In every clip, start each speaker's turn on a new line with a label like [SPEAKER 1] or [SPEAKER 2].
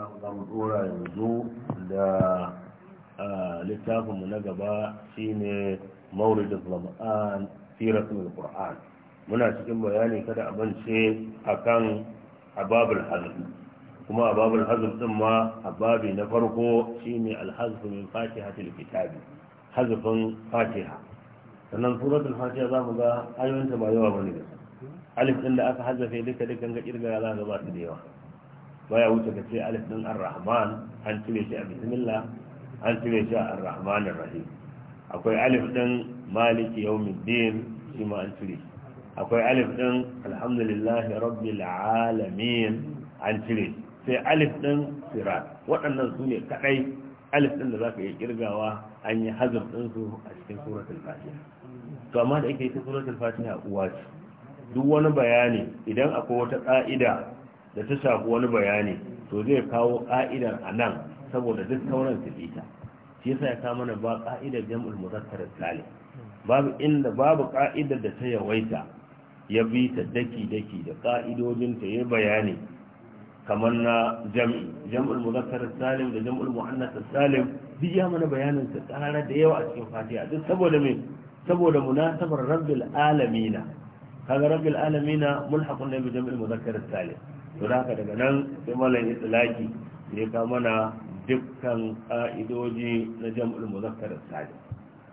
[SPEAKER 1] Allah za mu yanzu da littafinmu na gaba shine maurid al-zama'an al qur'an muna cikin bayani kada a bance akan ababul hazm kuma ababul hazm din ma ababi na farko shine al-hazf min fatihatil kitabi hazfin fatiha sannan suratul fatiha za mu ga ayoyinta ba yawa bane da alif din da aka hazafe duka dukan ga kirga za ga ba su da yawa baya wuce ka ce alif din ar-rahman an cire shi a bismillah an cire shi a ar-rahman ar-rahim akwai alif din maliki yawmiddin shi ma an cire akwai alif din alhamdulillahi rabbil alamin an cire sai alif din sirat waɗannan su ne kadai alif din da zaka iya kirgawa an yi hazaf din su a cikin suratul fatiha to amma da yake suratul fatiha uwa duk wani bayani idan akwai wata ƙa'ida da ta shafi wani bayani to zai kawo ka'idar a nan saboda duk sauran su ta shi yasa ya kawo mana ba ka'idar jam'ul muzakkar salih babu inda babu ka'idar da ta yawaita ya bi ta daki daki da ka'idojin ta yi bayani kamar na jam'i jam'ul muzakkar salim da jam'ul muannas salim duk ya mana bayanin ta tsara da yawa a cikin fatiha duk saboda me saboda munasabar rabbil alamina kaga rabbil alamina mulhaqun ne bi jam'il muzakkar salim don haka daga nan sai malam itilaki ya ga mana dukkan ka'idoji na jam'ul muzakkar salim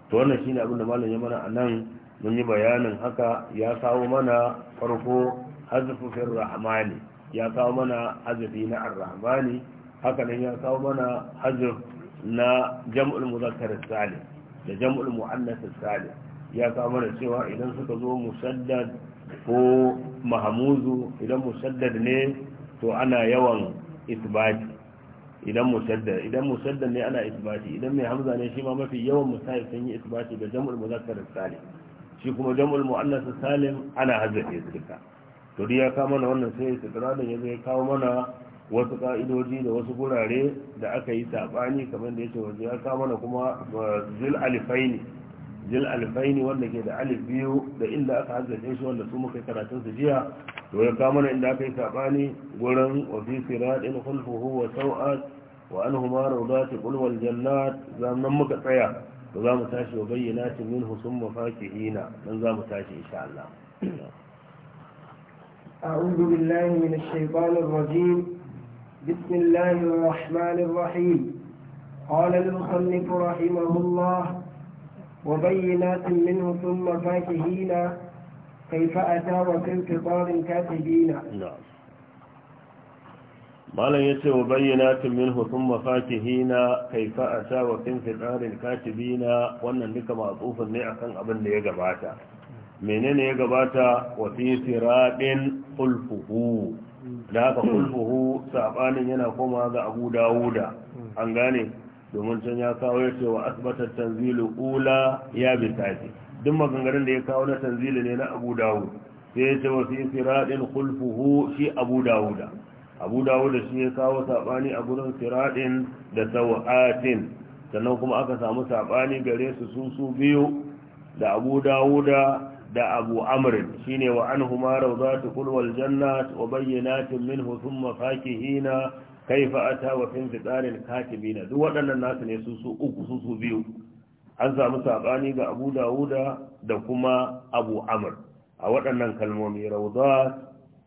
[SPEAKER 1] to wannan shine abin da malam ya mana anan mun yi bayanin haka ya kawo mana farko fir rahmani ya kawo mana hazfi na arrahmani haka nan ya kawo mana hazf na jam'ul muzakkar salim da jam'ul muannas salim ya kawo mana cewa idan suka zo musaddad ko mahamuzu idan musaddad ne to ana yawan isbati idan musaddad idan musaddad ne ana isbati idan mai hamza ne shi ma mafi yawan musayi sun yi isbati da jam'ul muzakkar salim shi kuma jam'ul muannas salim ana hazzafe su duka to ya kawo mana wannan sai da yanzu ya kawo mana wasu ka'idoji da wasu gurare da aka yi sabani kamar da yace wanzu ya kawo mana kuma eh, zil alifaini jil alifaini wanda ke da alif biyu da inda aka haddace shi wanda su muka karatun su jiya to ya kama na inda aka yi sabani gurin wa fi siradin khulfuhu wa sau'at wa anhuma rawdati qul wal jannat zaman muka tsaya to za mu tashi wa bayyanatin minhu summa fakihina dan za mu tashi insha Allah
[SPEAKER 2] أعوذ بالله من الشيطان الرجيم بسم الله الرحمن الرحيم قال المخلف رحمه الله وبينات منه ثم فاكهين كيف أتى وكانفطار كاتبين
[SPEAKER 1] نعم malam ya ce wa bayyana tun min hutun mafakihi na kaifa a sha wa wannan duka matsufin ne akan abin da ya gabata menene ya gabata wa fi siraɗin kulfuhu da haka kulfuhu saɓanin yana koma ga abu dawuda an gane domin can ya kawo ya ce wa asbatar tanzilu ula ya bi sati duk maganganun da ya kawo na tanzilu ne na abu dawud sai ya ce wasu yin siradin shi abu da abu da shi ya kawo sabani a gurin siradin da sau'atin sannan kuma aka samu sabani gare su su su biyu da abu dawuda da abu amrin ne wa anhuma rawdatu ta wal janna wa bayyinatin minhu thumma fakihina Kai fa'ata wa fin fitarin katibina duk waɗannan nasu ne su su uku su su biyu an samu saɓani ga Abu Dawuda da kuma Abu Amr a waɗannan kalmomi rawdat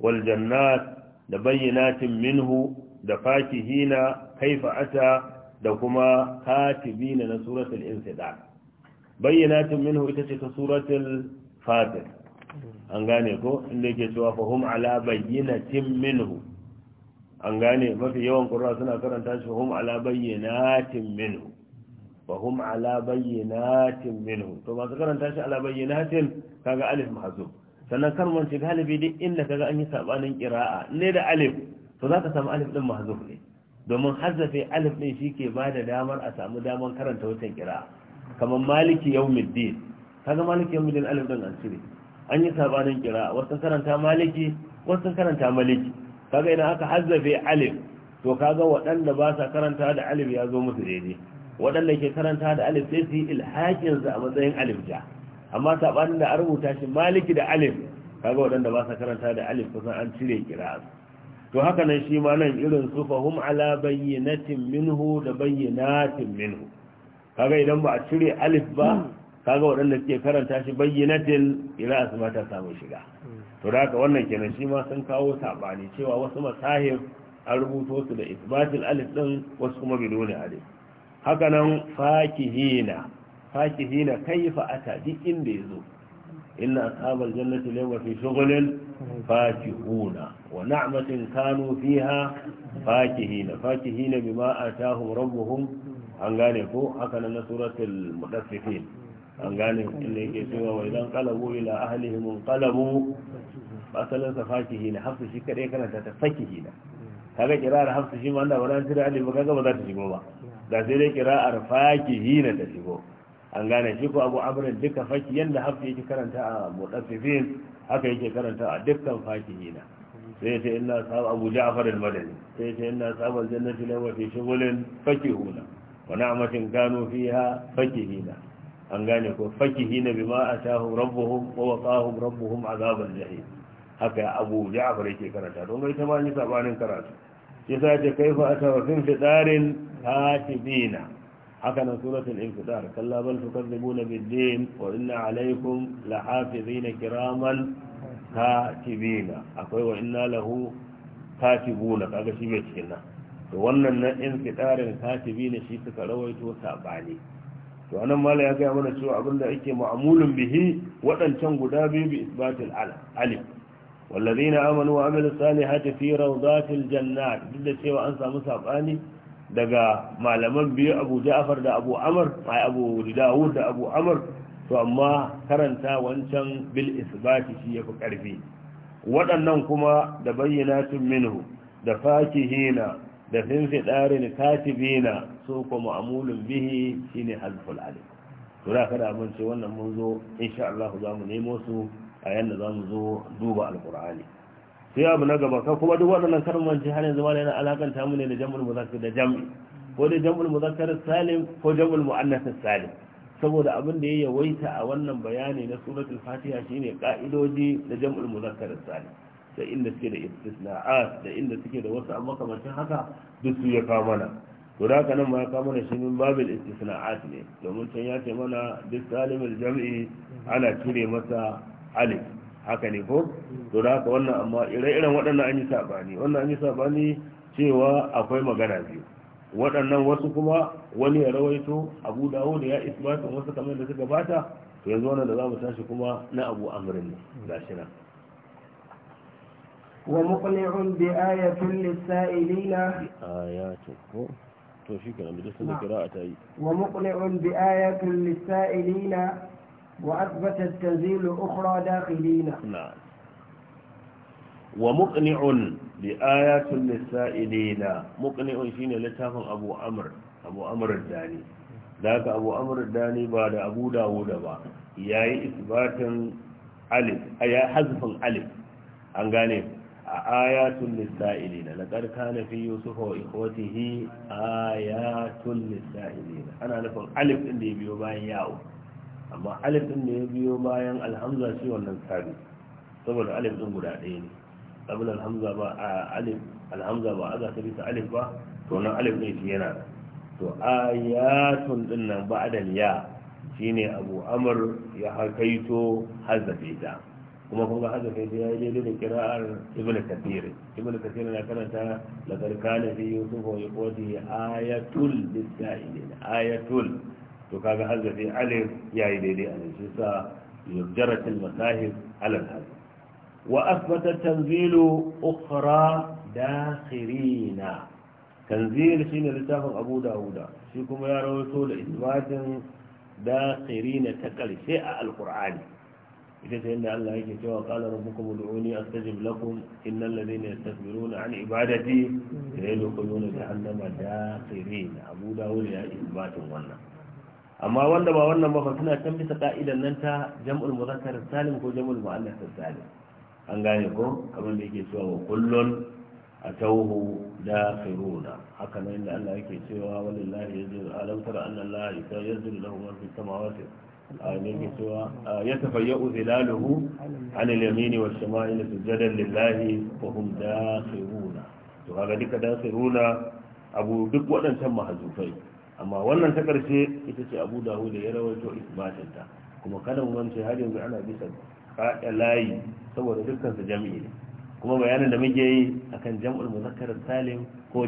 [SPEAKER 1] wal jannat da bayyinatin minhu da fakihina kai ata da kuma katibina na suratul insidar bayyinatin minhu ita ce ta suratul fatir an gane ko inda yake cewa fahum ala bayyinatin minhu an gane mafi yawan ƙura suna karanta shi hum ala bayyanatin minhu wa hum ala bayyanatin minhu to masu karanta shi ala bayyanatin kaga alif mahzub sannan kan wance galibi duk inda kaga an yi sabanin qira'a ne da alif to za ka samu alif din mahzub ne domin hazzafe alif din shike ba da damar a samu damar karanta wutan qira'a kamar maliki yawmiddin kaga maliki yawmiddin alif din an cire an yi sabanin qira'a wasu karanta maliki wasu karanta maliki kaga idan aka hazzafe alif to kaga waɗanda ba sa karanta da alif ya zo musu daidai waɗanda ke karanta da alif sai su yi ilhakin a matsayin alif ja amma sabanin da a rubuta shi maliki da alif kaga waɗanda ba sa karanta da alif kusan an cire kira to haka nan shi ma nan irin su fahum ala bayyinatin minhu da bayyinatin minhu kaga idan ba a cire alif ba kaga waɗanda suke karanta shi bayyinatin kira su ma ta samu shiga to da haka wannan kenan shi ma sun kawo sabani cewa wasu masahir an rubuto su da isbatil alif ɗin wasu kuma bidoni alif haka nan fakihina fakihina kaifa ata duk inda zo inna ashabal jannati laysa fi shughlin fakihuna wa na'matin kanu fiha fakihina fakihina bima atahum rabbuhum an gane ko haka nan na suratul mudaffifin an gane inda yake cewa wa idan qalabu ila ahlihim qalabu asalan sa fakihi ne hafsu shi kadai kana ta ta fakihi ne kaga kirar hafsu shi ma da wannan tira ali ba kaga ba za ta shigo ba da sai dai kirar fakihi ne ta shigo an gane shi ko abu amrin duka faki yanda hafsu yake karanta a mudaffifin haka yake karanta a dukkan fakihi ne sai ce inna sahab abu ja'far al-madani sai ce inna sahab al-jannati lawa fi shughulin fakihuna wa na'matin kanu fiha fakihina an gane ko fakihina bima atahum rabbuhum wa waqahum rabbuhum azaban jahim haka abu ja'far yake karanta don bai ta ma ni sabanin karatu shi sa ce kaifa atawa fin fitarin hatibina haka nan suratul infitar kalla bal tukadzibuna bid-din wa inna alaykum lahafizina kiraman katibina akwai wa inna lahu katibuna kaga shi bai cikin nan to wannan na infitarin katibina shi suka rawaito sabani to anan mala ya gaya mana cewa abinda ake ma'amulun bihi waɗancan guda biyu bi isbatil alif wallazina amanu wa amilu salihati fi rawdatil jannat duk da cewa an samu sabani daga malaman biyu Abu Ja'far da Abu Amr ai Abu Dawud da Abu Amr to amma karanta wancan bil isbati shi yafi karfi waɗannan kuma da bayyanatun minhu da fakihina da finfidarin katibina so ko ma'amulun bihi shine hazful alif to da kada abin ce wannan mun zo insha Allah za mu nemo su a yanda za mu zo duba alqur'ani sai abu na gaba ka kuma duk waɗannan kalmomin har yanzu ma yana alakanta mu ne da jam'ul muzakkar da jam'i ko da jam'ul muzakkar salim ko jam'ul muannas salim saboda abin da ya yawaita a wannan bayani na suratul fatiha shine ka'idoji da jam'ul muzakkar salim da inda suke da istisna'at da inda suke da wasu abu kamar haka duk su ya kawo mana to da nan ma ya kama da shi min babil istisna'at ne domin can ya ce mana duk salimul jam'i ana cire masa alif haka ne ko to da haka wannan amma ire-iren waɗannan an yi sabani wannan an yi sabani cewa akwai magana biyu waɗannan wasu kuma wani ya rawaito abu dawo da ya isbatin wasu kamar da suka bata to yanzu wannan da za mu tashi kuma na abu amrin ne gashi nan
[SPEAKER 2] ومقنع بآية للسائلين آيات
[SPEAKER 3] to shi kenan da sun da kira ta yi
[SPEAKER 2] wa muqli'un bi ayatin lisa'ilina wa athbata at-tanzil ukhra dakhilina na'am
[SPEAKER 1] wa muqni'un bi ayatin lisa'ilina muqni'un shine littafin Abu Amr Abu Amr ad-Dani da Abu Amr ad-Dani ba da Abu Dawud ba yayi isbatin alif aya hazfin alif an gane a ayatun nisa'ilina laqad kana fi yusuf wa ikhwatihi ayatun nisa'ilina ana nufin alif din da ya biyo bayan yawo amma alif din da ya biyo bayan alhamza shi wannan sabi saboda alif din guda ɗaya ne sabin alhamza ba a alif alhamza ba a bisa alif ba to nan alif ne shi yana to ayatun din nan ba adan ya shine abu amr ya haƙaito hazafe ta kuma kun ga haka kai ya je da kira'ar ibn kathir ibn kathir na karanta la karkana fi yusuf wa yuqati ayatul lisailin ayatul to kaga hazza fi alif yayi daidai a nan shi sa yurjarat al masahib ala al hazza wa athbata tanzil ukhra dakhirina tanzil shine littafin abu daud shi kuma ya rawaito da isbatin dakhirina ta karshe a alqur'ani ita ta yadda Allah yake cewa qala rabbukum ud'uni astajib lakum innal ladhina yastakbiruna an ibadati sayadkhuluna jahannama dakhirin Abu Dawud ya isbatun wannan amma wanda ba wannan ba suna can bisa ka'idan nan ta jam'ul muzakkar salim ko jam'ul muannas salim an gane ko kamar da yake cewa kullun atawhu dakhiruna haka nan inda Allah yake cewa walillahi yajru alam tara anna Allah yajru lahu ma fi samawati عليه سوى يتفيأ ظلاله عن اليمين والشمائل سجدا لله وهم داخرون وهذا ديك داخرون أبو دك وأنا سمى هزوفين أما وأنا تكرشي إتسي أبو داود يروي إثباتا kuma kada mu mance har yanzu ana bisa kaɗa layi saboda dukkan su jami'i ne kuma bayanin da muke yi akan jam'ul muzakkar salim ko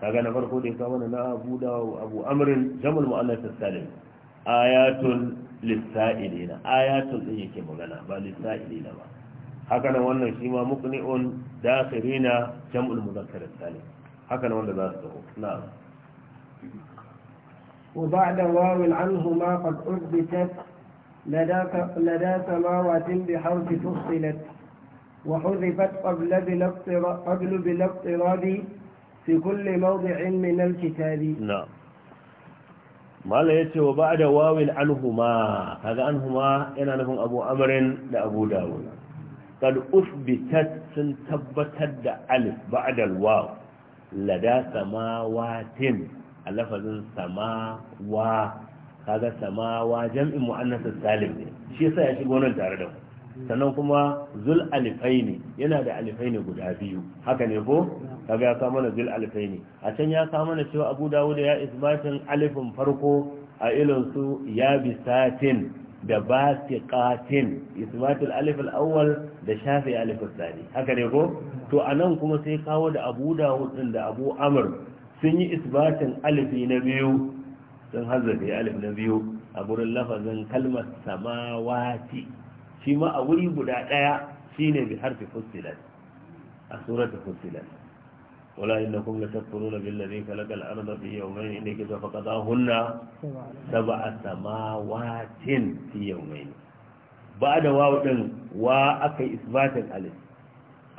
[SPEAKER 1] kaga na farko da ya kawo na Abu Dawud Abu Amr jam'ul mu'annas salim ayatun lissa'ilina ayatun din yake magana ba lissa'ilina ba haka nan wannan shi ma muqni'un dakhirina jam'ul mudhakkar salim haka nan wanda za su taho na'am
[SPEAKER 2] وبعد واو عنهما قد أثبتت لدى سماوات بحرف فصلت وحذفت قبل بلا اضطراب
[SPEAKER 1] في كل موضع من الكتاب نعم mala ya ce wa ba da wawil anhuma kaga anhuma yana nufin abu amarin da abu dawud kad usbitat sun tabbatar da alif ba'da waw lada samawatin a lafazin samawa kaga samawa jam'in muannas salim ne shi yasa ya shigo nan tare da mu sannan kuma zul alifaini yana da alifaini guda biyu haka ne ko kaga ya kama na bil alfaini a can ya kama na cewa abu dawud ya isbatin alifin farko a ilin su ya satin da su katin alif alifin awal da shafi alif sani haka ne ko to a nan kuma sai kawo da abu dawud din da abu amur sun yi isbatin alifi na biyu sun hazzafi alif na biyu a gurin lafazin kalmar samawati shi ma a wuri guda ɗaya shine bi harfi fusilat a suratul fusilat ولا إنكم لتذكرون بالذي خلق الأرض في يومين إنك فقضاهن سبع سماوات في يومين بعد واو دين وا أكي إثبات الألف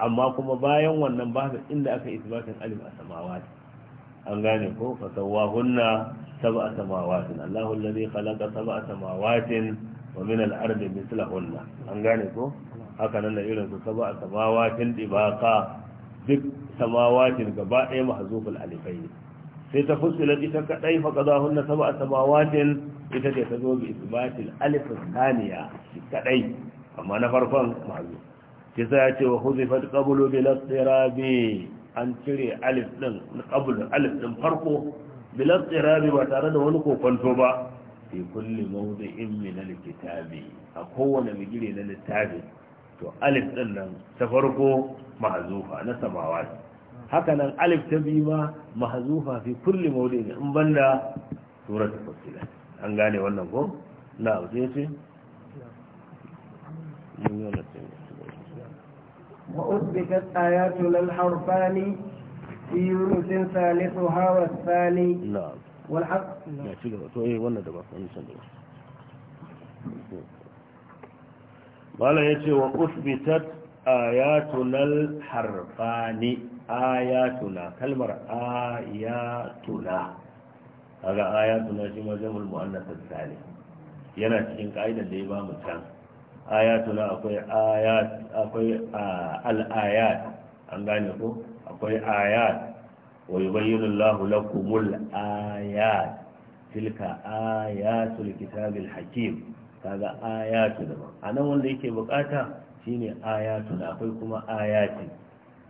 [SPEAKER 1] أما كما باين وأنم بعد إن أكي إثبات الألف السماوات an gane ko fasawahunna sab'a samawatin Allahu alladhi khalaqa sab'a samawatin wa min al-ardi mithlahunna an gane ko haka nan da irin su sab'a samawatin dibaka duk samawatin gaba ɗaya mahzuful alifai ne sai ta fusilat ita kadai fa qadahunna sab'a samawatin ita ce ta zo bi isbatil alif thaniya kadai amma na farkon mahzuf sai sai ya ce wa huzifat qablu bil istirabi an cire alif din qablu alif din farko bil istirabi ba tare da wani kokonto ba fi kulli mawdi'in min al-kitabi a kowane bigire na littafi to alif din nan ta farko mahzufa na samawat haka nan alif ta biyu ma mahzufa fi kulli mawdi'in in banda suratul an gane wannan ko na'am sai ce
[SPEAKER 2] وأثبتت آياتنا في يونس ثالثها والثاني نعم والحق نعم
[SPEAKER 1] قال وأثبتت ayatunal harfani ayatuna kalmar ayatuna kaga ayatuna shi ma jamul muannas salih yana cikin ka'idar da ya ba mu can ayatuna akwai ayat akwai al-ayat an gane ko akwai ayat wa yubayyinu Allahu lakumul ayat tilka ayatul kitabil hakim kaga ayatu daban anan wanda yake bukata shine ayatun akwai kuma ayati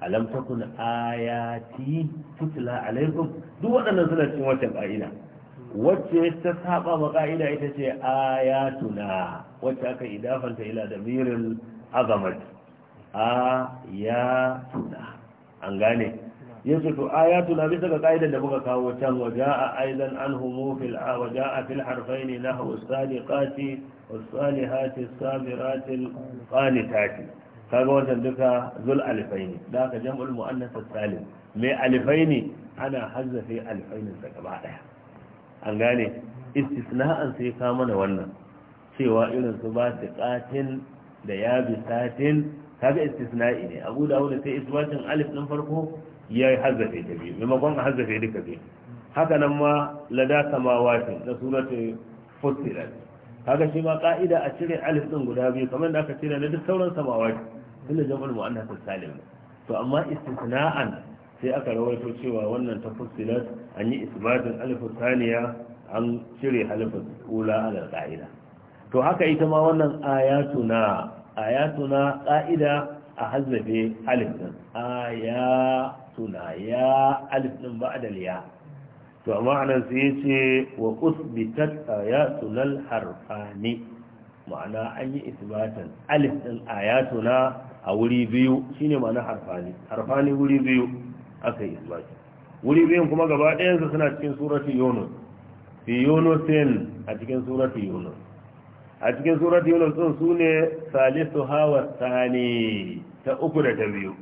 [SPEAKER 1] alam takun ayati tutla alaikum duk waɗannan suna cikin wata ka'ida wacce ta saba ma ka'ida ita ce ayatuna wacce aka idafanta ila da mirin ya tuna an gane yace to ayatuna bisa ga ka'idar da muka kawo can waja'a aidan anhum fil waja'a fil harfain nahwu sadiqati was-salihati sabirati qanitati kaga wannan duka zul alifain da ka jam'ul muannas salim mai alifain ana hazzafe alifain gaba daya an gane istisna'an sai ka mana wannan cewa irin su ba katin da ya bi satin kaga istisna'i ne abu dawud sai isbatin alif din farko ya hazzafe ta biyu maimakon a hazzafe duka biyu haka nan ma lada samawatin na suratul fussilat Haka shi ma ka'ida a cire alif din guda biyu kamar da aka cire na duk sauran da inda jama'ul mu'annas salim to amma istisna'an sai aka rawaito cewa wannan ta fussilat an yi isbatin alif saniya an cire halifin ula ala ka'ida to haka ita ma wannan ayatuna ayatuna ka'ida a hazzafe alif din aya suna ya alif din da ya to amma anan sai yace wa usbitat ayatul harfani ma'ana an yi isbatan alif din ayatuna a wuri biyu shine ma'ana harfani harfani wuri biyu aka yi isbati wuri biyun kuma gaba su suna cikin surati yunus fi yunusin a cikin surati yunus a cikin surati yunus sun su ne salisu hawa sani ta uku da ta biyu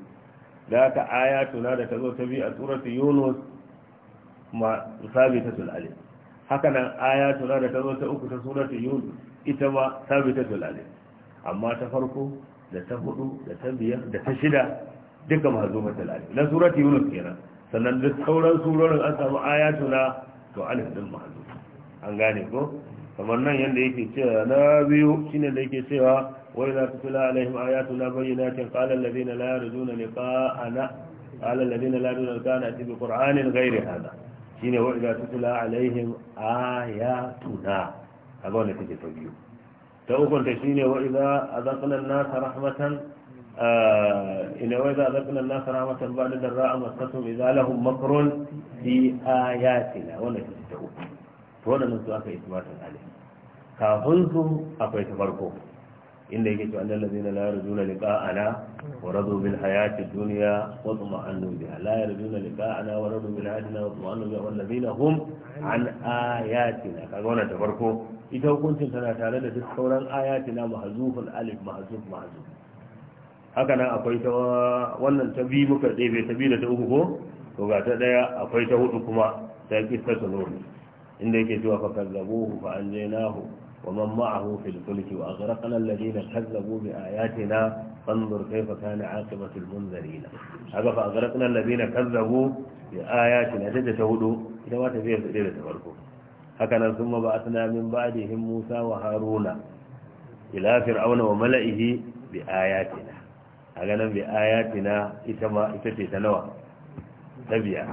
[SPEAKER 1] da haka ayatuna da ta zo ta bi a suratu yunus ma sabitatul alif haka nan ayatuna da ta zo ta uku ta suratu yunus ita ma sabitatul alif amma ta farko da ta hudu da ta biyar da ta shida duka mazumatul alif na suratu yunus kenan sannan duk sauran surorin an samu ayatuna to alif din mahzum an gane ko kamar nan yadda yake cewa na biyu shine da yake cewa wai za ta tula alaihim ayatu na bayyanatin qala alladhina la yarjuna liqa'ana qala alladhina la yarjuna liqa'ana bi qur'anin ghairi hada shine wai za ta tula alaihim ayatuna kaga wannan take ta biyu ta ukun ta shine wa idza azaqna an-nasa rahmatan eh, ina wa idza a an-nasa rahmatan ba'da darra'a massatuhum idza lahum makrun fi ayatina wannan take ta uku to wannan su aka isbatin alaihi kafin akwai ta farko inda yake cewa annal ladina la yarjuna liqa'ana wa radu bil hayati dunya wa tuma'annu biha la yarjuna liqa'ana wa radu bil hayati wa tuma'annu biha wal ladina hum an ayatina kaga wannan ta farko ita hukuncin tana tare da duk sauran ayatina mahzufun alif mahzuf mahzuf haka nan akwai ta wannan ta bi muka ɗebe ta bi da ta uku ko to ga ta ɗaya akwai ta hudu kuma ta kisa ta nuri inda yake cewa fa kallabuhu fa anjaynahu ومن معه في الفلك وأغرقنا الذين كذبوا بآياتنا فانظر كيف كان عاقبة المنذرين هذا فأغرقنا الذين كذبوا بآياتنا جد شهدوا إذا ما تفيه إلى تفركوا هكذا ثم بعثنا من بعدهم موسى وهارون إلى فرعون وملئه بآياتنا هكذا بآياتنا إتما إتتي تنوى تبيع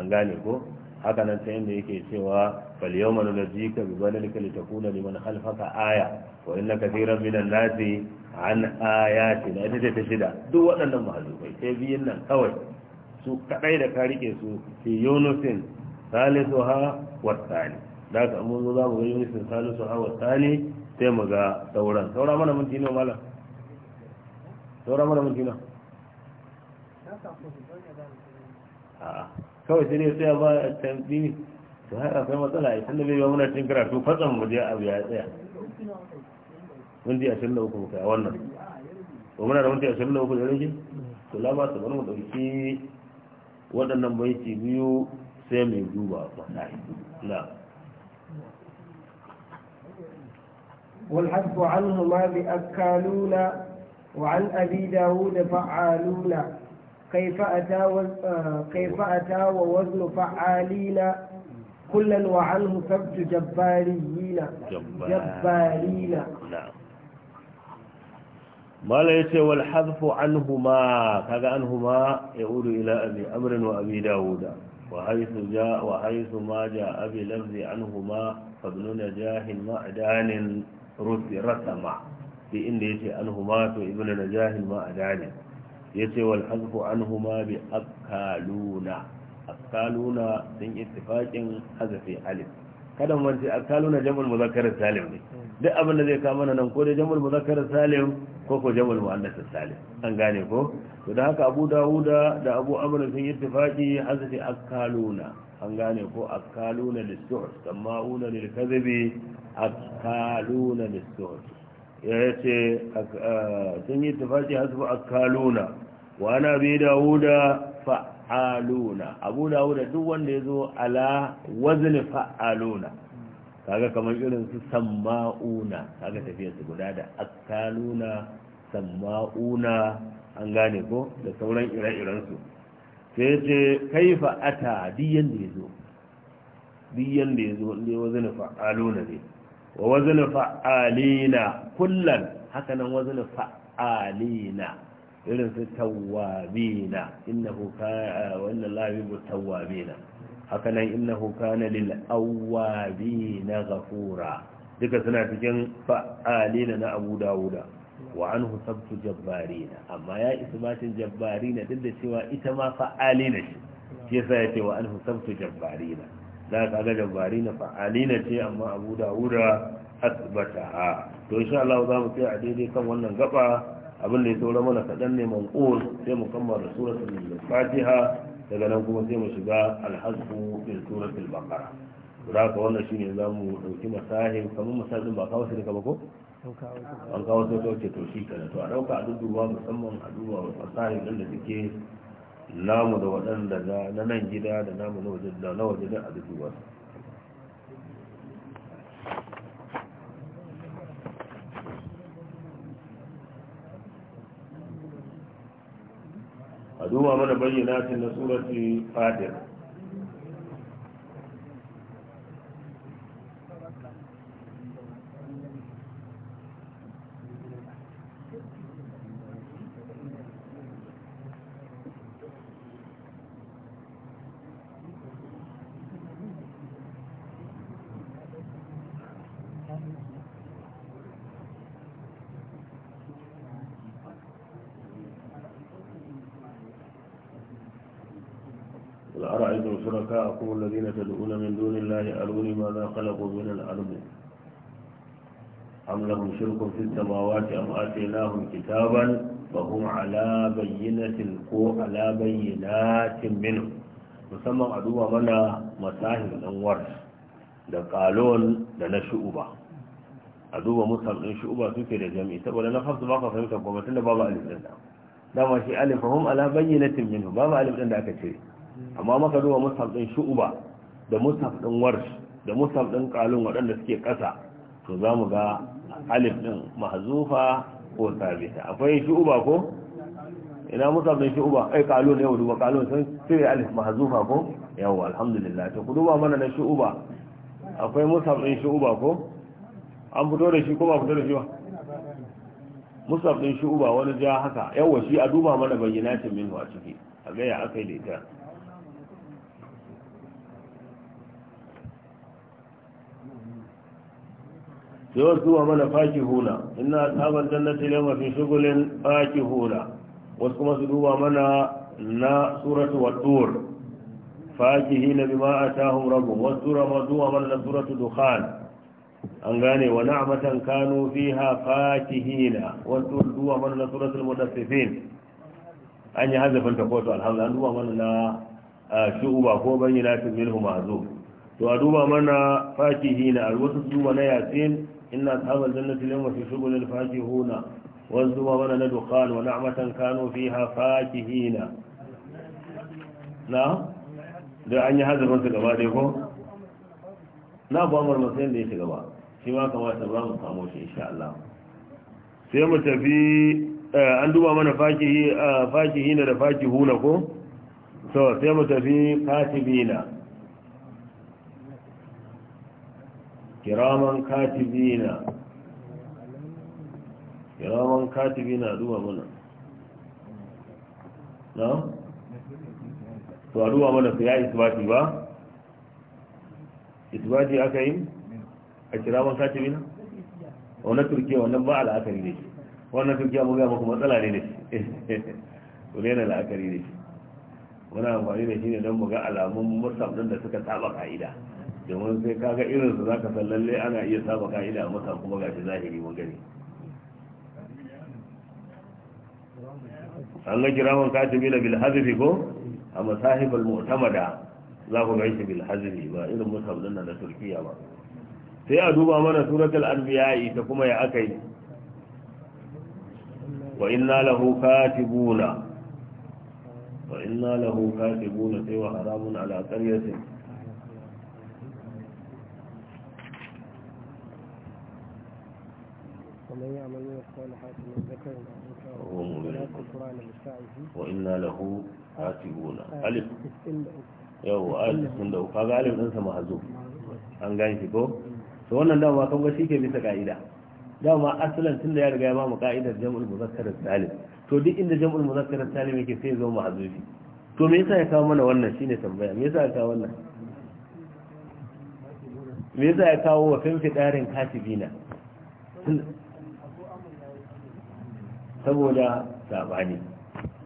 [SPEAKER 1] أنقاني كو هكذا سيئن يكي سوى فاليوم ننجيك ببدنك لتكون لمن خلفك آية وإن كثيرا من الناس عن آياتنا أنت تشدع دو وأنا مهزوكي تبينا كوي su kadai da ka rike su fi yunusin salisuha wa tsani da ka mun zo za mu ga yunusin salisuha wa tsani sai mu ga sauran saura mana mun tino mala saura mana mun tino kawai sai ne sai ba tambi to har akwai matsala ya tunda bai yi muna cin karatu fatsan mu je abu ya tsaya minti ashirin da uku muka a wannan to muna da minti ashirin da uku da rage to lama su bari mu ɗauki waɗannan baiti biyu sai mai duba wallahi na'am
[SPEAKER 2] والحذف عنهما بأكالون وعن أبي داود فعالون كيف أتى, كيف أتى ووزن فعالين كلا وعنه سبت جباريين جبارين نعم
[SPEAKER 1] ما لا يتي والحذف عنهما كذا عنهما يعود إلى أبي أمر وأبي داود وحيث جاء وحيث ما جاء بلفظ عنهما فابن نجاح معدان رسم في إن يتي عنهما فابن نجاح معدان يتي والحذف عنهما بأكالون akaluna sun ittifaqin hazafi alif kada mu mance akaluna jam'ul muzakkar salim ne duk abin da zai kama nan ko da jam'ul muzakkar salim ko ko jam'ul muannas salim an gane ko to da haka Abu Dawuda da Abu Amr sun ittifaqi hazafi akaluna an gane ko akaluna lisuhur sama'una lil kadhibi akaluna lisuhur ya ce ah, sun yi tufafi hasbu akaluna wa ana bi dawuda fa fa'aluna abu da duk wanda ya zo ala wazin fa'aluna kaga kamar irin su sama'una kaga tafiyar su guda da akaluna sama'una an gane ko da sauran ire-irensu sai ce kaifa ata diyan da ya zo diyan da ya zo inda wazin fa'aluna ne wa wazin fa'alina kullan nan wazin fa'alina irin su tawwabina innahu kana wanda lahi bu tawwabina haka nan innahu kana lil awwabina ghafura duka suna cikin fa'alina na Abu Dawuda wa an husabtu jabbarina amma ya isbatin jabbarina duk da cewa ita ma fa'alina ce shi yasa yace wa an husabtu jabbarina za ka ga jabbarina fa'alina ce amma Abu Dawuda asbataha to insha Allah za mu tsaya a daidai kan wannan gaba abin da ya saura mana kaɗan ne manqul sai mu kammala suratul fatiha daga nan kuma sai mu shiga alhasbu min suratul baqara da ka wannan shine za mu ɗauki masahin kamar masahin ba kawai su da ko an kawo su kauce to shi kana to a ɗauka a duba musamman a duba masahin ɗin da suke namu da waɗanda na nan gida da namu na waje da a duba a duba mana bayyana na surati fatir شركاءكم الذين تدعون من دون الله أروني ماذا خلقوا من الأرض أم لهم شرك في السماوات أم آتيناهم كتابا فهم على بينة كو على بينات منه musamman a duba mana masahin ɗan da kalon da na shu'uba a duba musam ɗin shu'uba suke da jami'i saboda na hafsu ba ka fahimta kuma da babu alif ɗin da dama shi alif hum babu alif aka cire amma maka duba musaf din shu'uba da musaf din warsh da musaf din qalun waɗanda suke ƙasa to za mu ga alif din mahzufa ko sabita akwai shu'uba ko ina musaf din shu'uba ai qalun ne duba qalun sun sai alif mahzufa ko yawa alhamdulillah to ku duba mana na shu'uba akwai musaf din shu'uba ko an fito da shi ko ba fito da shi ba musaf din shu'uba wani ja haka yawa shi a duba mana bayyanatin min a ciki a ga ya akai da ita yawarzuwa mana faki hula ina saban jannatin lema fi shigulin faki hula wasu kuma su duba mana na suratu wattur faki hina bi ma'a ta hurabu wasu ramazuwa mana na suratu dukhan an gane wa na'amatan kanu fi ha faki hina wasu mana na suratu mudassifin an yi hazafin ta kotu alhamdulillah an duba mana na ko banyi na fi milhu ma'azu to a duba mana faki hina na yasin إن أصحاب الجنة اليوم في شغل الفاكهون ونعمة كانوا فيها فاكهين نعم da an yi hazarin su gaba dai ko na ba mu da ya shiga shi ma kamata ba mu samu shi insha Allah sai mu tafi an duba mana fakihi da fakihuna ko sai mu tafi katibina kiraman katibina kiraman katibina duba muna na? to a duba mana su ya isbati ba? isbati aka yi a kiraman katibina? wannan turkiya wannan ba al'akari ne wannan turkiya mu gama kuma matsala ne ne to ne na la'akari ne shi muna amfani da shi ne don mu ga alamun musam da suka saba ka'ida domin sai kaga irin su zaka san lalle ana iya saba ka'ida a maka kuma ga shi zahiri mun gani an ga kiraman katibi da bil hazfi ko a masahibul mu'tamada za ku gaishe bil hazfi ba irin musab din da Turkiya ba sai a duba mana suratul anbiya ta kuma ya akai wa inna lahu katibuna wa inna lahu katibuna sai wa haramun ala qaryatin
[SPEAKER 2] ومن يعمل من الصالحات من ذكر وهو مؤمن
[SPEAKER 1] وإنا له عاتبون ألف yau a sun da kaga alif din sa mahazo an gane shi ko to wannan dama kan ga shike bisa ka'ida ma asalan tun da ya riga ya ba mu ka'idar jam'ul muzakkar salim to duk inda jam'ul muzakkar salim yake sai zo mahazufi to me yasa ya kawo mana wannan shine tambaya me yasa ya kawo wannan me yasa ya kawo wa fin fidarin katibina saboda sabani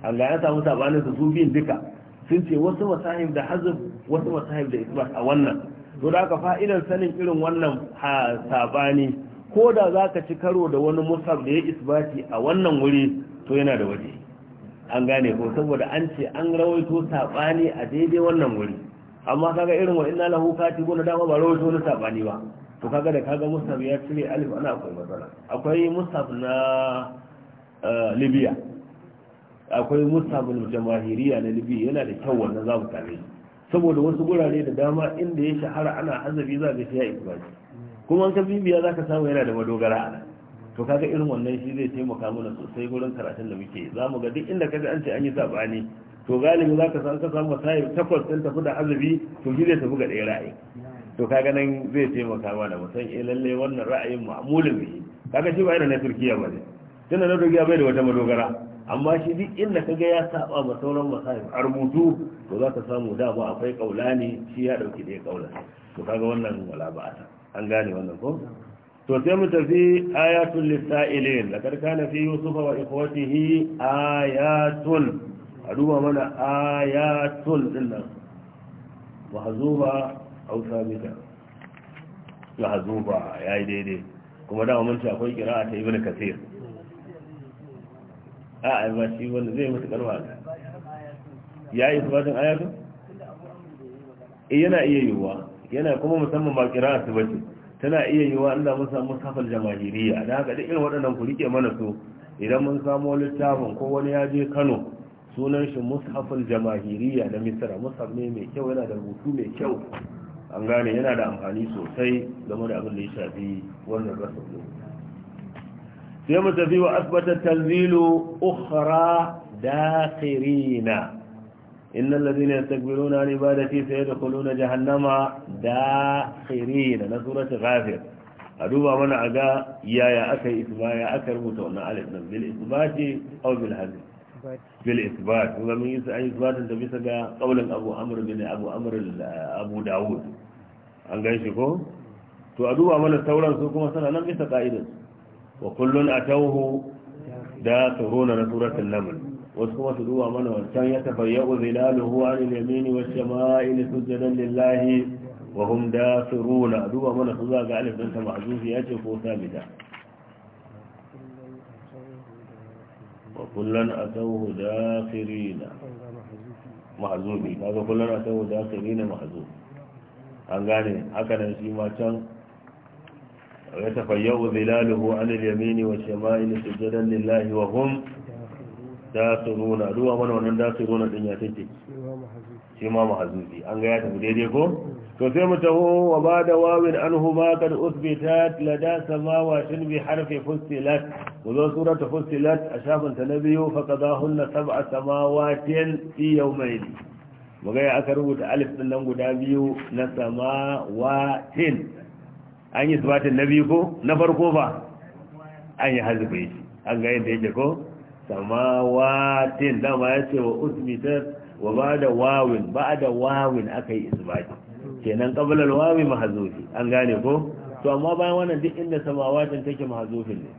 [SPEAKER 1] Allah ya samu sabani su su biyun duka sun ce wasu masahib da hazib wasu masahib da isbat a wannan to da aka fa'idar sanin irin wannan sabani ko da za ka ci karo da wani musab da ya isbati a wannan wuri to yana da waje an gane ko saboda an ce an rawaito sabani a daidai wannan wuri amma kaga irin wa inna lahu katibuna dama ba rawaito wani sabani ba to kaga da kaga musab ya cire alif ana akwai matsala akwai musab na Eh, libya akwai musabul jamahiriya na libya yana da kyau wannan za mu same saboda wasu gurare da dama inda ya shahara ana azabi za ga shi ya yi kuma an ka bibiya za ka samu yana da madogara a nan to kaga irin wannan shi zai taimaka mana sosai gurin karatun da muke za mu ga duk inda kaji an ce an yi sabani to galibi za ka san ka samu sai takwas ɗin tafi da azabi to shi zai tafi ga ɗaya ra'ayi to kaga nan zai taimaka mana mu san eh lalle wannan ra'ayin mamulin ne kaga shi ba irin na turkiya ba ne tunda na dogiya bai da wata madogara amma shi duk inda kaga ya saba ma sauran masahib a rubutu to za ka samu da ba akwai kaula ne shi ya dauki da kaula to kaga wannan wala ba an gane wannan ko to sai mu tafi ayatul lisailin laqad kana fi yusufa wa ikhwatihi ayatul a duba mana ayatul din nan mahzuba aw sabita mahzuba yayi daidai kuma da mun ci akwai qira'a ta ibnu kathir a a ba shi wanda zai mutu karwa ya yi sabatin ayatu e eh, yana iya yiwuwa yana kuma musamman ba kira su bace tana iya yiwuwa inda mun samu safal jamahiriya da haka duk irin waɗannan ku rike mana su idan mun samu littafin ko wani ya je Kano sunan shi mushaful jamahiriya na misira mushaf ne mai kyau yana da rubutu mai kyau an gane yana da amfani sosai game da abin da ya shafi wannan rasul sai mu tafi wa asbata tanzilu ukhra dakhirina innal ladhina yastakbiruna an ibadati sayadkhuluna jahannama dakhirina na suratul ghafir a duba mana a ga yaya aka yi isba ya aka rubuta wannan alif nan bil isbati aw bil hazf bil isbat kuma mun yi sai isbatin da bisa ga qaulin abu amr bin abu amr eh, abu daud an gaishe ko to a duba mana sauran su kuma suna nan bisa ka'idarsu wa kullun atawhu da turuna na suratul naml wasu kuma su duba mana wancan ya tafayyau zilaluhu an al-yamini wa shama'il sujadan lillahi wa hum dasiruna duba mana su za ga alif din ta ma'zufi ya ce ko sabida wa kullun atawhu dasirina mahzufi kaga kullun atawhu dasirina mahzufi an gane haka nan shi ma can ويتفيأ ظلاله عن اليمين والشمائل سجدا لله وهم داسرون أدوى من ونن داسرون الدنيا تنتي شما محزوزي أنك ياتف ديديكو فسمته وبعد واو أنهما قد أثبتات لدى سماوات بحرف فصلت وذو سورة فصلت أشاف النبي فقضاهن سبع سماوات في يومين وغير أكرمت ألف من نمو دابيو نسماوات an yi isbatin na biyu ko na farko ba an yi hazife shi an ga yadda yake ko samawatin dama ya ce wa usmitar wa ba da wawin ba da wawin aka yi isbati kenan kabilar wawi mahazufi an gane ko to amma bayan wannan duk inda samawatin take mahazufin ne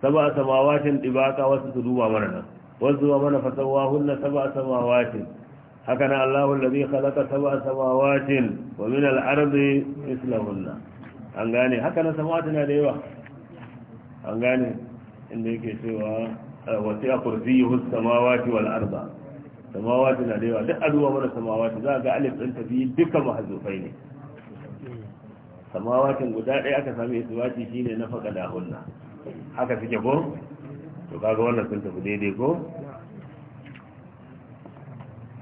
[SPEAKER 1] saba samawatin dibaka wasu su duba mana nan wasu duba mana fasawahunna saba samawatin haka na Allahu allazi khalaqa saba samawatin wa min al-ardi mislahunna an gane haka na sama tana da yawa an gane inda yake cewa wasu a kurzi yi yuhus samawati wal arba samawati na da yawa duk aduwa mana samawati za a ga alif ɗin tafi duka mahazufai ne samawatin guda ɗaya aka sami isbati shine na faɗa da hunna haka suke ko to kaga wannan sun tafi daidai ko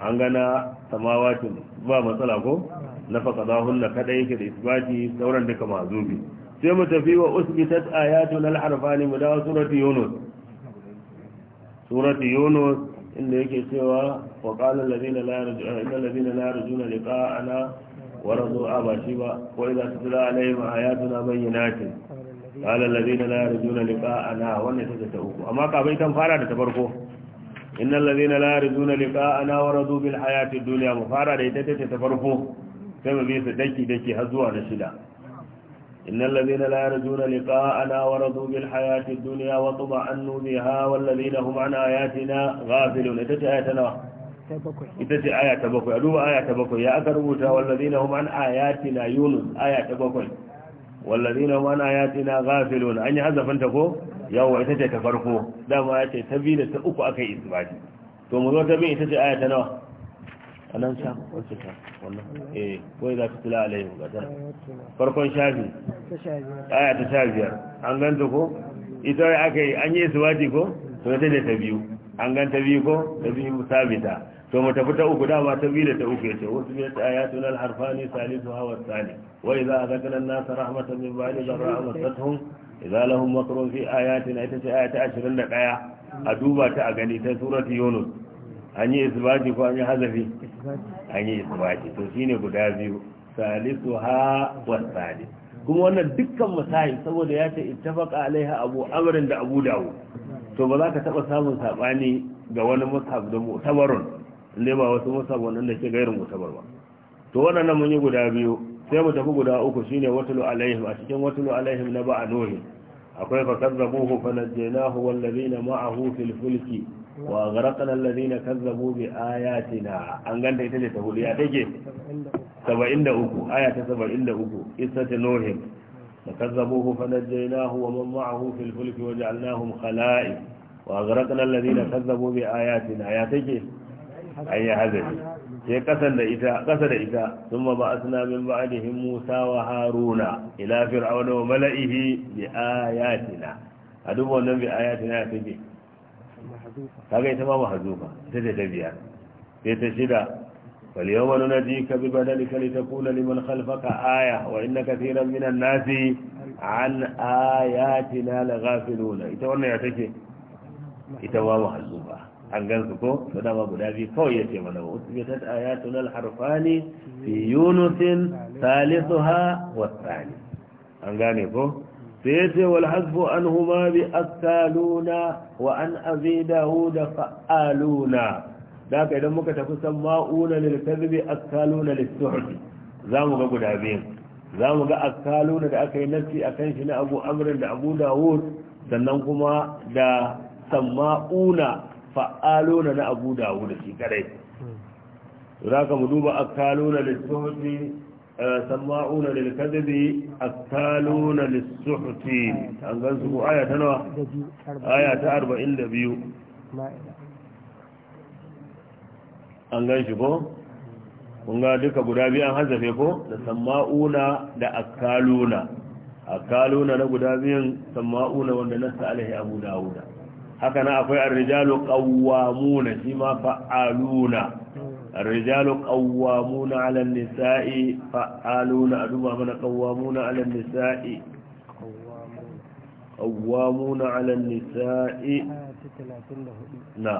[SPEAKER 1] an gana samawatin ba matsala ko na faƙadahun na kaɗai yake da isbati sauran duka mazubi sai mu tafi wa usbitat ayatun al-harfani mu dawo surati yunus surati yunus inda yake cewa wa qala alladhina la yarjuna illa ladhina la yarjuna liqa'ana wa radu abashi ba ko idza tutla alaihim ayatuna bayyinatin qala alladhina la yarjuna liqa'ana wannan take ta uku amma ka bai kan fara da ta farko innal ladhina la yarzuna liqa'ana wa radu bil hayati mu fara da ita ce ta farko sai mu daki daki har zuwa na shida innal ladhina la yarzuna liqa'ana wa radu bil hayati dunya wa tuma'annu biha wal ladhina hum an ayatina ghafilun ita ce ayata nawa ita ce aya bakwai a duba aya bakwai ya aka rubuta wallazina an yunus bakwai yi hazafin ko yawa ita ce ta farko dama ya ce ta biyu da ta uku aka yi isbati to mu zo ta biyu ita ce aya ta nawa a nan sha wacce ta wannan eh kawai za ta tula alayhi bukatar farkon shafi aya ta sha biyar an ganta ko ita aka yi an yi isbati ko to ita ce ta biyu an ganta biyu ko ta biyu sabita to mu tafi ta uku dama ta biyu da ta uku yace wasu ne ta ayatun al-harfani salisu hawa sani wa idza azaqna an-nasa rahmatan min ba'di dharra'a massatuhum idza lahum makrun fi ayatina ita ce ayata 21 a duba ta a gani ta surati yunus an yi isbati ko an yi hazafi an yi isbati to shine guda biyu salisu ha wa sani kuma wannan dukkan masayi saboda ya ce ittafaqa alaiha abu amrin da abu dawo to ba za ka taba samun sabani ga wani mus'haf da mu'tabarun inda ba wasu musamman wannan da ke gairin mutabar ba to waɗannan mun yi guda biyu sai mu tafi guda uku shine watulu alaihim a cikin watulu alaihim na ba'a nuhi akwai fa kazzabuhu fa najjaynahu wal ladina ma'ahu fil fulki wa gharaqna alladhina kazzabu bi ayatina an ganta ita ce ta hudu ya take 73 aya ta 73 isatu nuhi فكذبوه فنجيناه ومن معه في الفلك وجعلناهم خلائف وأغرقنا الذين كذبوا بآياتنا آياتك an yi hazari sai kasan da ita kasa da ita sun ma ba asna min ba'dihim Musa wa Haruna ila fir'auna wa mala'ihi bi ayatina a duk wannan bi ayatina ta bi kaga ita ma mahzufa ita ce ta biya sai ta shida wal yawma ka bi badalika takuna liman khalfaka aya wa inna katiran minan nasi an ayatina laghafiluna ita wannan ya take ita ma ba. an gansu ko to dama guda biyu kawai ya ce mana wa usbitat ayatul harfani fi yunusin ha wasani an gane ko sai ya ce wal hasbu anhuma bi akaluna wa an hu da fa'aluna da ka idan muka tafi san ma'una lil kadhibi akaluna lis suhbi mu ga guda biyu mu ga akaluna da aka yi a kan shi na Abu Amr da Abu Dawud sannan kuma da sama'una fa'aluna na abu dawud shi kadai to zaka mu duba akaluna lisuhti eh, sama'una lilkadhibi akaluna lisuhti an gansu su aya ta nawa aya ta 42 an gan shi ko kun ga duka guda biyan hazafe ko da sama'una da akaluna akaluna na guda biyan sama'una wanda nasa alaihi abu dawuda haka na akwai arrijalu qawwamuna shi ma fa'aluna arrijalu qawwamuna 'ala an-nisa'i fa'aluna aduba mana qawwamuna 'ala an-nisa'i qawwamuna 'ala an-nisa'i na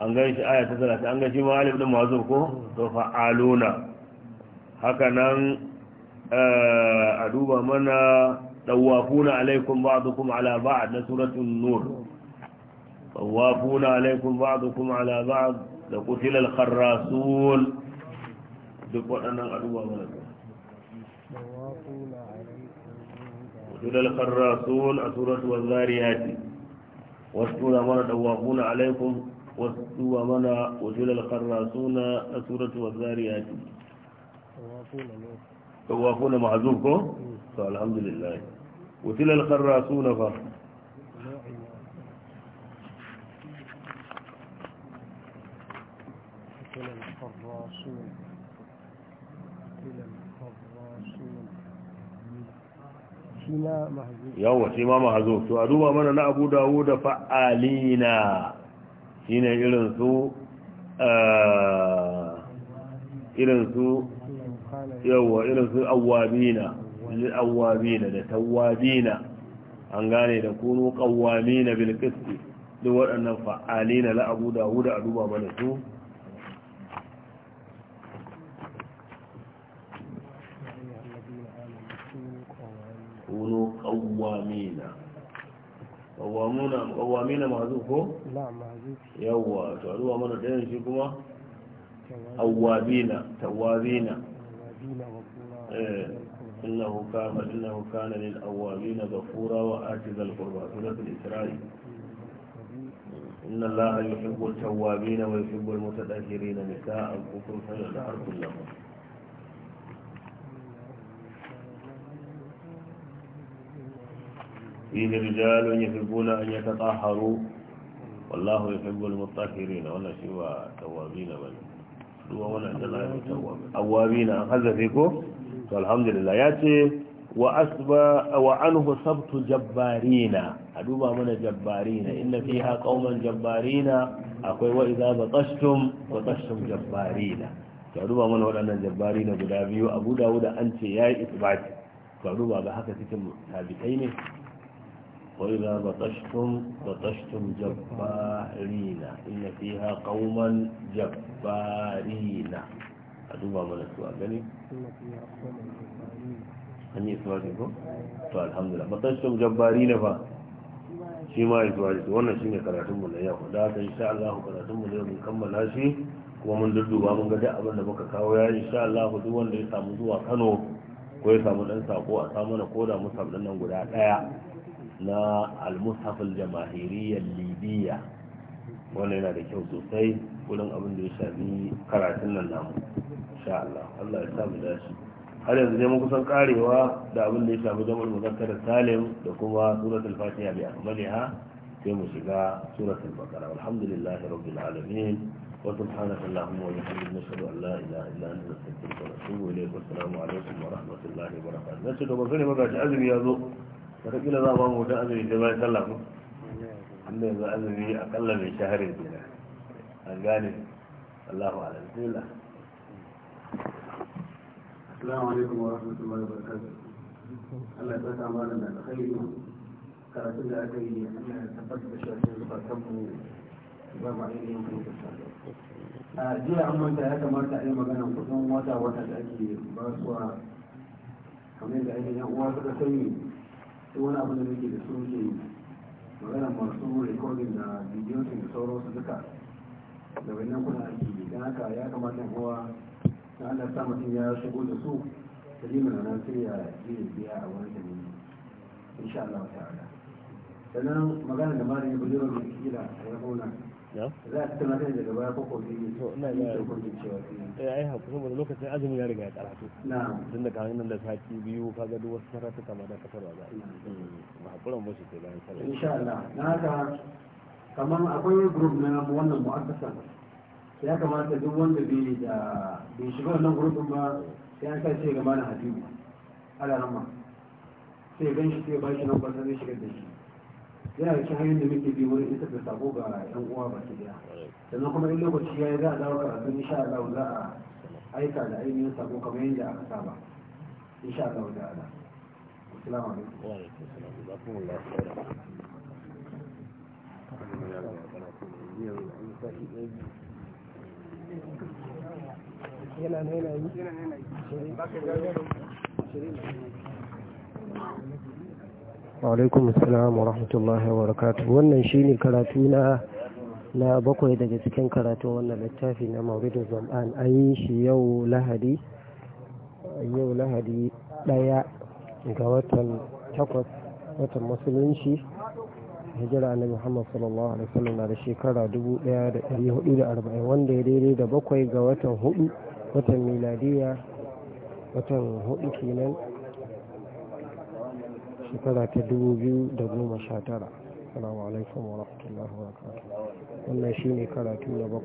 [SPEAKER 1] an ga shi aya ta 30 an ga shi ma alif din mazur ko to fa'aluna haka nan eh, a duba mana dawafuna alaikum ba'dukum ala ba'd na suratul nur طوافون عليكم بعضكم على بعض لقتل الخراسون دقوا أنا أدوى ملكا قتل الخراسون أسورة والذاريات واستوى من طوافون عليكم واستوى من قتل الخراسون أسورة والذاريات طوافون معذوبكم فالحمد لله قتل الخراسون فالحمد
[SPEAKER 4] إلى الفراسون إلى الفراسون شما مهزوم
[SPEAKER 1] يوه شما مهزوم سؤالوا من أبو داود فعالينا هنا إلنسو إلنسو irin su awwabina awwabina da tawwabina an gane da kunu qawwamina bil qisti duk waɗannan fa'alina la abu dawud a duba mana su qawwamina mazu ko na'am mahzuf yawa to ruwa mana dayan shi kuma awwabina tawabina eh innahu kana innahu kana lil awwabina ghafura wa atizal qurba suratul isra'i إن الله يحب التوابين ويحب المتطهرين نساء الكفر فلا لهم فيه رجال يحبون أن يتطهروا والله يحب المطهرين ولا سوى توابين بل هو ولا أوابين أخذ فيكم فالحمد لله ياتي وأسبى وعنه سبت جبارين أدوبا من جبارين إن فيها قوما جبارين أقول وإذا بطشتم بطشتم جبارين فأدوبا من ولنا جبارين أبو داود أنت يا إثبات فأدوبا بحكة تتم ثابتين وإذا بطشتم بطشتم جبارين إن فيها قوما جبارين أدوبا من السؤال قالي أني إفراجكم فالحمد لله بطشتم جبارين فا shi ma ya tuwa jiki wannan shi ne karatunmu na yau da aka insha Allah karatunmu na yau mun kammala shi kuma mun dudduba mun ga duk abin da muka kawo ya insha Allah duk wanda ya samu zuwa Kano ko ya samu dan sako a samu na koda musab nan guda daya na almushafin jamahiriyar libya wannan yana da kyau sosai wurin abin da ya shafi karatun nan namu insha Allah Allah ya samu mu har yanzu dai mun kusan karewa da abin da ya shafi jama'ul muzakkar salim da kuma suratul fatiha bi akmaliha sai mu shiga suratul baqara alhamdulillahi rabbil alamin wa subhanaka allahumma wa bihamdika nashhadu an la ilaha illa anta nastaghfiruka wa natubu ilayk wa assalamu alaikum wa rahmatullahi wa barakatuh nace to bazai magaji azumi ya zo wataƙila za a ba mu wutar azumi ta bayan sallah mu inda yanzu azumi akalla mai shaharin gida An gane allahu alhamdulillah assalamu alaikum wa rahmatullahi wa
[SPEAKER 3] barakatuh
[SPEAKER 1] Allah ya saka mana da alkhairi
[SPEAKER 4] karatun da aka yi ne, Allah ya tabbata da shi zubatan mu ba ma ainihin fahimtar sa a jiya an manta ya kamata a yi magana kusan wata wata da ake ba su a kamar yadda ainihin uwa suka sani wani abu da muke da su magana masu rikodin da bidiyon da da sauransu duka da wannan kuna aiki don haka ya kamata kowa na Allah sa mutum ya shigo da su da limin nan sai ya je biya a wani dalili insha Allah ta'ala sannan magana da malamin bujiro da kila a ya nan na? za ta mata daga baya ko ne ina yi
[SPEAKER 1] eh, saboda lokacin azumi ya riga ya karatu tun da kamin nan da sati biyu ka ga duk sarrafa kama da kasar ba za a mm, ke bayan sarrafa insha Allah na haka
[SPEAKER 4] kamar akwai na wannan ya kamata duk wanda bai da bai shiga wannan group ba sai an kai shi ala rama sai shi sai nan ba sai shigar da shi yana da hanyoyin da muke bi wurin isa da sako ga yan uwa ba su biya sannan kuma in lokaci ya yi za a dawo karatu a Allah za a aika da ainihin sako kamar yadda aka saba insha Allah ta'ala assalamu alaikum wa
[SPEAKER 3] alaikum
[SPEAKER 2] alaikum assalam wa rahmatullahi wa barakatuh wannan shine karatu na na bakwai daga cikin karatu wannan littafi na mawridin zam'an an yi shi yau lahadi yau lahadi daya ga watan takwas watan musulunci hijira na muhammad sallallahu alaihi wasallam na da shekara 1440 wanda ya daidai da bakwai ga watan hudu watan miladiya watan hudu kenan shekara ta
[SPEAKER 3] 2019
[SPEAKER 4] salamu alaikum wa rahmatullahi wa barakatuh
[SPEAKER 3] wannan shine karatu na